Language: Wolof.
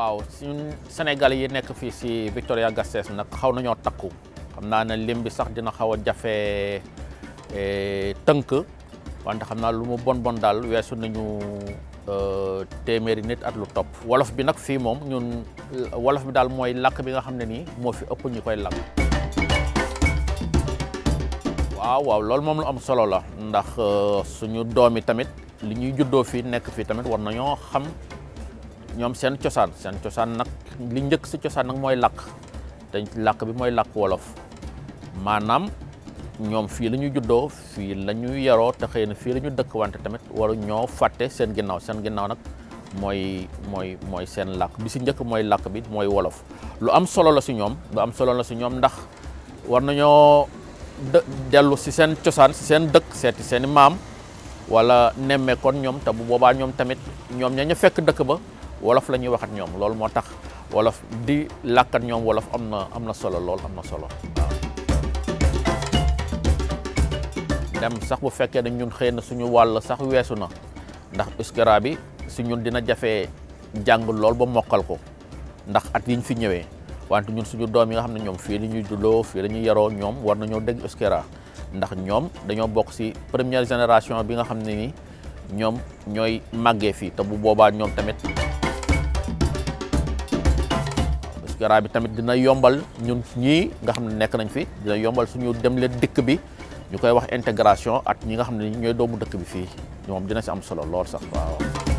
waaw ñun Sénégal yi nekk fii si Victoria Gasteiz nag xaw nañoo takku xam naa ne lim bi sax dina xaw a jafe eh, tënk wante xam naa lu mu bon bon daal weesu nañu euh, téeméeri nit at lu topp. wolof bi nag fii moom ñun euh, wolof bi daal mooy làkk bi nga xam ne nii moo fi ëpp ñu koy làkk. waaw waaw loolu moom lu am solo la ndax euh, suñu doom yi tamit li ñuy juddoo fii nekk fii tamit war nañoo xam. ñoom seen cosaan seen cosaan nag li njëkk si cosaan nag mooy làkk dañ làkk bi mooy làkk wolof maanaam ñoom fii la ñu juddoo fii la yaroo te xëy na fii la ñu dëkk wante tamit waru ñoo fàtte seen ginnaaw seen ginnaaw nag mooy mooy mooy seen làkk bi si njëkk mooy làkk bi mooy wolof lu am solo la si ñoom am solo la si ñoom ndax war nañoo dellu si seen cosaan si seen dëkk seeti seen i maam wala nemmeekoon ñoom te bu boobaa ñoom tamit ñoom ña ñu fekk dëkk ba wolof la ñuy wax ak ñoom loolu moo tax wolof di làkk ñoom wolof am na am na solo lool am na solo waaw dem sax bu fekkee ne ñun xëy na suñu wàll sax weesu na ndax euskara bi si ñun dina jafe jàng lool ba mokkal ko ndax at yiñ fi ñëwee wante ñun suñu doom yi nga xam ne ñoom fii la ñuy juddoo fii la ñuy yaroo ñoom war nañoo dégg euskara ndax ñoom dañoo bokk si première génération bi nga xam ne nii ñoom ñooy màggee fii te bu boobaa ñoom tamit Yara bi tamit dina yombal ñun ñii nga xam ne nekk nañ fi dina yombal suñu dem leen dëkk bi ñu koy wax integration at ñi nga xam ne ñooy doomu dëkk bi fii ñoom dina si am solo lool sax waaw.